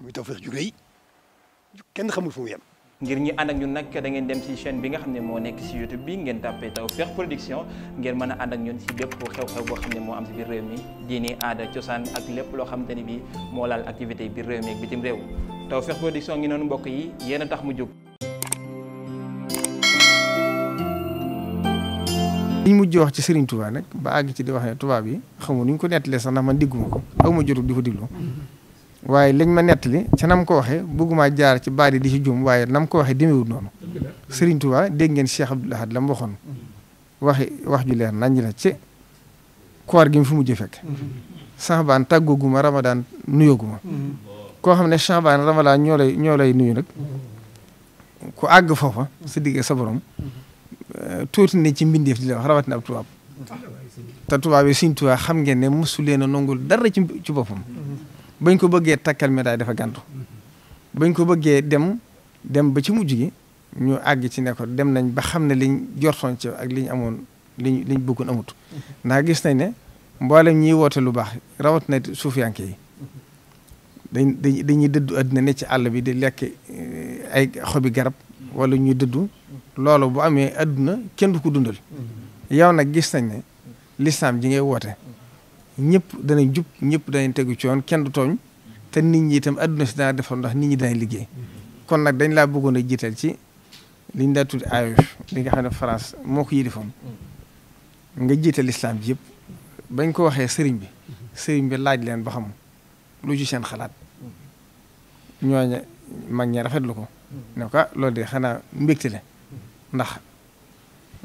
muy Tawfekh ju rëy kenn xamul fu mu yem. ngir ñi ànd ak ñun nag da ngeen dem ci chaîne bi nga xam ne moo nekk si YouTube bi ngeen tàppee Tawfekh Production ngeen mën a ànd ak ñun ci bépp xew-xew boo xam ne moo am ci biir réew mi diini aada cosaan ak lépp loo xamante ni bi moo laal activité biir réew mi ak bitim réew Tawfekh Production ngi noonu mbokk yi yéen a tax mu jóg. liñ mujj wax ci Serigne Touba nag ba àgg ci di wax ne tubaab yi xamul ni ñu ko nettalee sax ndax man diggu ko aw ma jotul di ko diglu. waaye liñ ma nettali ca nam ko waxee bëgguma jaar ci baari di ci jum waaye nam ko waxee demeewul noonu Serigne Touba dégg ngeen Cheikh Abdoul Ahad la mu wax waxi wax ji leer nañ la ci koor fu mu fi mujj fekk Saxbaan tàggooguma Ramadan nuyooguma koo xam ne Saxbaan Ramadan ñoo lay ñoo lay nuyu nag ku àgg foofa sa digg sa borom eh, tuuti ne ci mbindeef di la wax rawatina tubaab te tubaab yi Serigne Touba xam ngeen ne mosu leen a nongul dara ci ci bañ ko bëggee takkal médaille defa gàntu bañ ko bëggee dem dem ba ci mujj gi ñu àgg ci ne dem nañ ba xam ne liñ jortoon ci ak liñ amoon liñ liñ bëggoon amut ndax gis nañ ne mboolem ñiy woote lu baax rawat na suufiyanke yi dañ dañuy dëddu àddina ne ci àll bi di lekk eh, ay xobi garab walla ñuy dëddu loolu bu amee àdduna kenn du ko dundal mm-hmm. yow nag gis nañ ne lislaam ji ngay woote ñépp danañ jub ñëpp danañ tegu ci yoon kenn du tooñ te nit ñi itam adduna si dana defar ndax nit ñi danañ liggéey kon nag dañ laa bëggoon a jiital ci liñ daa tudd AOF li nga xam ne France moo ko yilifoon nga jiital islam bi yëpp bañ ko waxee sëriñ bi sëriñ bi laaj leen ba xam lu ci seen xalaat ñooña mag rafet lu ko ne lool ah, loolu de xanaa mbégte la ndax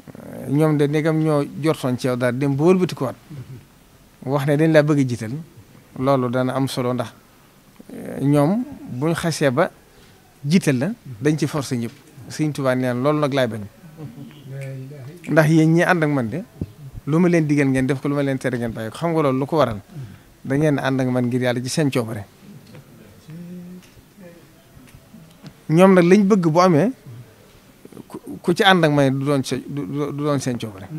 eh, ñoom de ndegam ñoo jortoon ci yow daal dem ba wëlbatikuwaat wax ne dañ laa bëgg a jiital loolu dana am solo ndax eh, ñoom buñ xasee ba jiital la dañ ci force ñëpp Sëriñ Tuubaa nee loolu nag laay bañ ndax yéen ñi ànd ak man de lu ma leen digal ngeen def ko lu ma leen tere ngeen bàyyi ko xam nga loolu lu ko waral da ngeen ànd ak man ngir yàlla ci seen coobare ñoom nag lañ bëgg bu amee ku ci ànd ak man du doon du doon seen coobare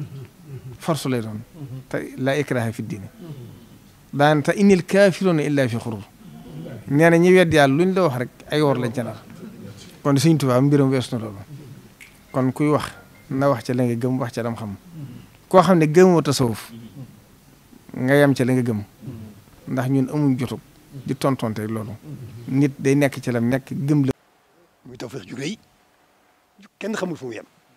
force lay doon mhm. te laa ikraha fi diine daan te innil kaafiroona illaa fi xurur nee na ñi wedd yàlla luñ la wax rek ay wor lañ ca kon Sëñ Tuubaa mbiram wees na loolu kon kuy wax na wax ca la nga gëm wax ca koo xam ne gëmoo tasawuf yem ca la nga gëm ndax ñun amuñ jotug di tontonte loolu nit day nekk ci lam nekk gëm la muy tawfeex ju rëy kenn